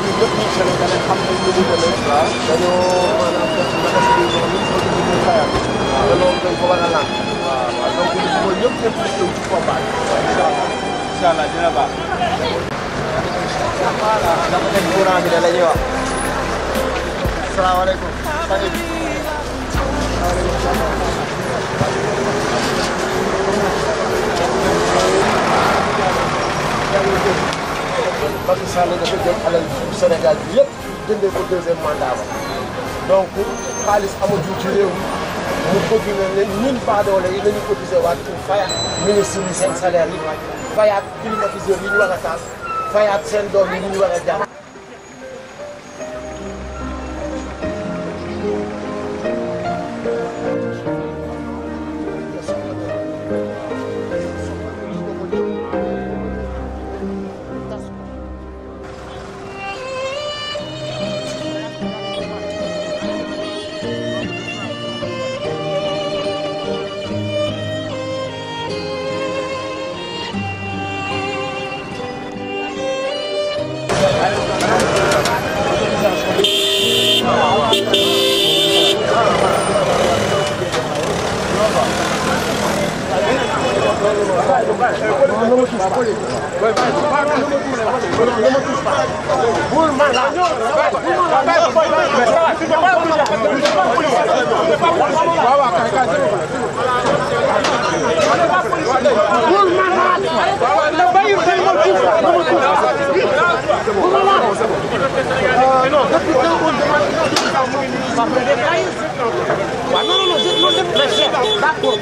te ñun ñëpp ñu Sénégalais xam nañ lu mu demee. waaw dañoo maanaam def magasin bi nga xam ne produit bi ñu xayal. waaw te loolu dañ ko war a lànk. waaw waaw donc mooy ñëpp ñëpp ñu ñëw ci combat bi. incha allah incha allah dina baax. voilà dafa nekk courant bi de la ñuy wax. salaamaaleykum. maaleykum salaam. Sall dafa jël alal Sénégal bi yëpp jëndee ko deuxième mandat ba donc xaalis amatul ci réew mu bëgg na ne ñun baadoole yi nañu cotiser waat pour fayaat ministre yi seen salaire yi fayaat climatiseur yi ñu war a taal fayaat seen doom yi ñu war a jàpp D'accord,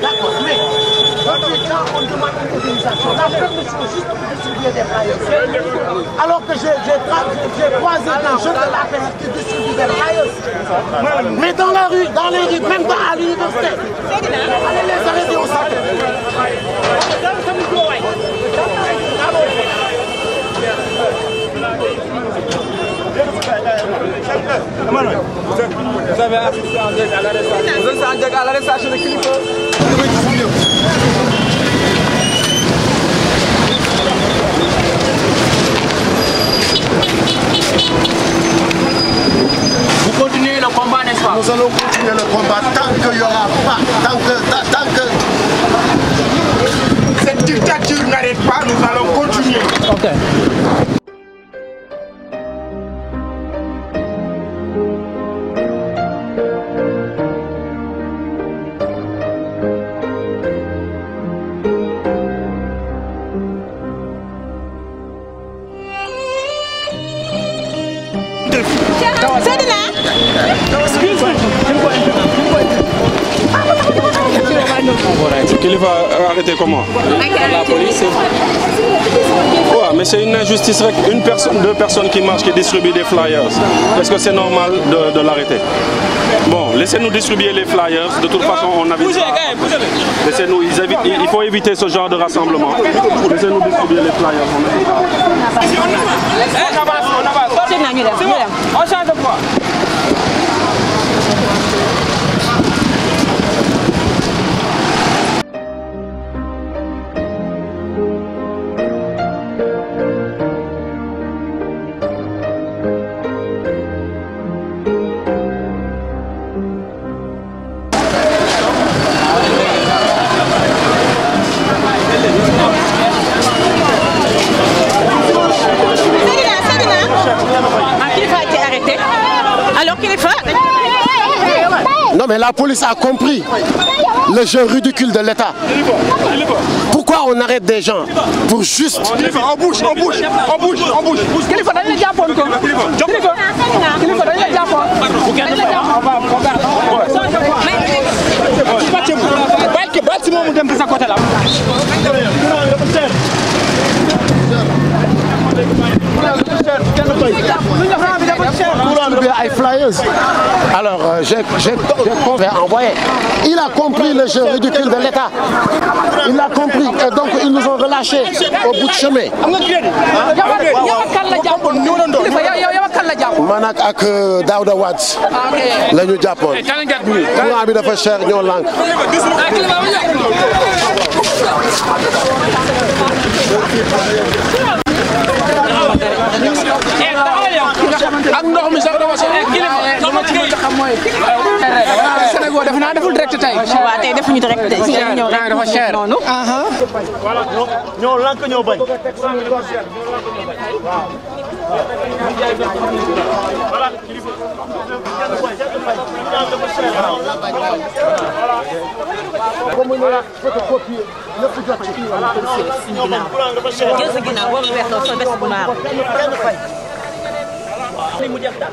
d'accord, mais ces gens, on demande une autorisation. La permission juste pour distribuer des flyers. Alors que j'ai croisé des jeunes de la paix qui distribuent des flyers. Mais dans la rue, dans les rues, même à l'université, allez les arrêter au sac. Vous avez assisté à l'arrestation de Clifford. nous allons continuer le combat tant qu'il y aura pas, tant que, tant que cette dictature n'arrête pas, nous allons continuer. Okay. Khalifa a arrêté comment La police. Ouais, mais c'est une injustice. Une personne, deux personnes qui marchent, qui distribuent des flyers. Est-ce que c'est normal de, de l'arrêter Bon, laissez-nous distribuer les flyers. De toute façon, on avait. Laissez-nous, il faut éviter ce genre de rassemblement. Laissez-nous distribuer les flyers. On Non, mais la police a compris le jeu ridicule de l'État. Pourquoi on arrête des gens pour juste. On bouge, on bouge, on bouge, on bouge. ay flyers Alors, euh, j'ai envoyé. Il a compris le jeu ridicule de l'État. Il l'a compris. Et donc, ils nous ont relâchés au bout de chemin. man ak euh, Daouda Wade ah, la ñu jàppoon. boo defe naa deful direct tey. waaw tey defuñu direct tey si ñëw rek dafa cher noonu. voilà ñoo lànk ñoo bañ. waaw. lii mu jeex daal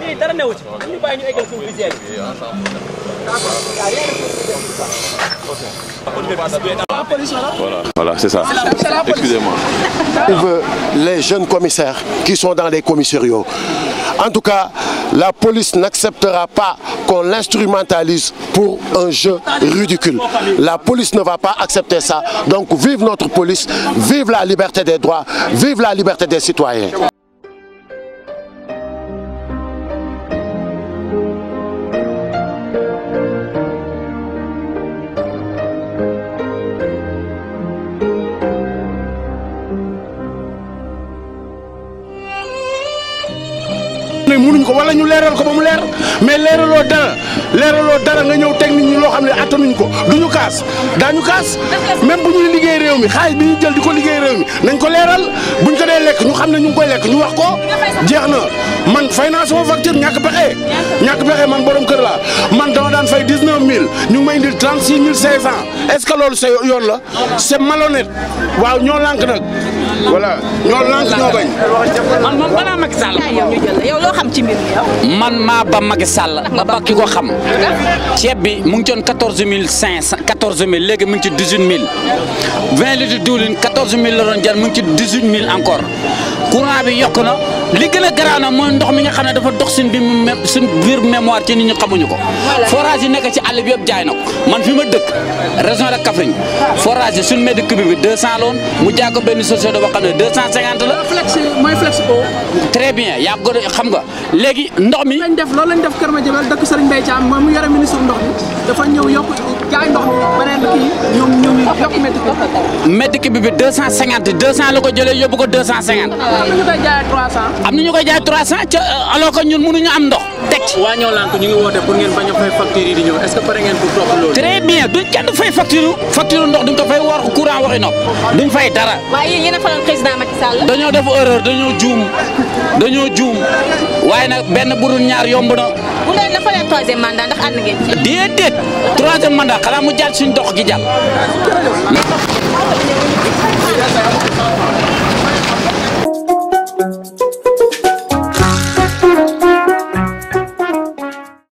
lii dara newu ci ñu bàyyi ñu eggal suñu visite bi Voilà, voilà c'est ça. Excusez-moi. Les jeunes commissaires qui sont dans les commissariats. En tout cas, la police n'acceptera pas qu'on l'instrumentalise pour un jeu ridicule. La police ne va pas accepter ça. Donc vive notre police, vive la liberté des droits, vive la liberté des citoyens. ne munuñ ko wala ñu leeral ko ba mu leer mais leeraloo dara leeraloo dara nga ñëw teg nit loo xam ne attanuñ ko du ñu kaas daañu kaas même bu ñuy liggéey réew mi xaalis bi ñuy jël di ko liggéey réew mi nañ ko leeral buñ ko dee lekk ñu xam ne ñu ngi koy lekk ñu wax ko jeex na man fay naa sama facture ñàkk pexe ñàkk pexe man borom kër laa man dama daan fay 19000 ñu ngi may indil 36500 est ce que loolu se yoon la c'est malhonnête waaw ñoo lànk nag voilà ñoo lànk ñoo bañ. man moom balaa Macky Sall. yow loo xam ci mbir mi man maa ba Macky Sall. ba ba ki ko xam. ceeb bi mu ngi ci woon quatorze mille cinq cent quatorze mille léegi mu ngi ci dix huit mille vingt litres diwlin quatorze mille la doon jar mu ngi ci dix huit mille encore. courant bi yokk na li gën a garaaw na mooy ndox mi nga xam ne dafa dox suñ bi suñ biir mémoire ci nit ñu xamuñu ko forage yi nekk ci àll bi yëpp jaay na ko man fi ma dëkk région de Kaffrine forage yi suñ mètre cube bi 200 la woon mu jaay benn société boo xam ne 250 la mooy flex eau très bien yaa ko xam nga léegi ndox mi lañ def loolu lañ def Kër Madiabel dëkk Serigne Mbaye Thiam moom mu yore ministre ndox mi dafa ñëw yokk jaay ndox mi beneen kii ñoom ñoom yokk la ko jëlee yóbbu ko 250. am na ñu koy jaayee 300. am na ñu koy jaayee 300 ca euh, alors que ñun mënuñu am ndox. teg ci. waa ñoo lànk ñu ngi woote pour ngeen a fay facture yi di ñëw est ce que pare ngeen pour topp loolu. très bien duñ kenn fay facture facture ndox duñ ko fay war courant waxi duñ fay dara. a faral président Macky Sall. dañoo def erreur dañoo juum dañoo juum waaye nag benn bu dul ñaar yomb na. bu dee na fa leen troisième mandat ndax ànd ngeen ci. xanaa mu jaar suñ dox gi jàll.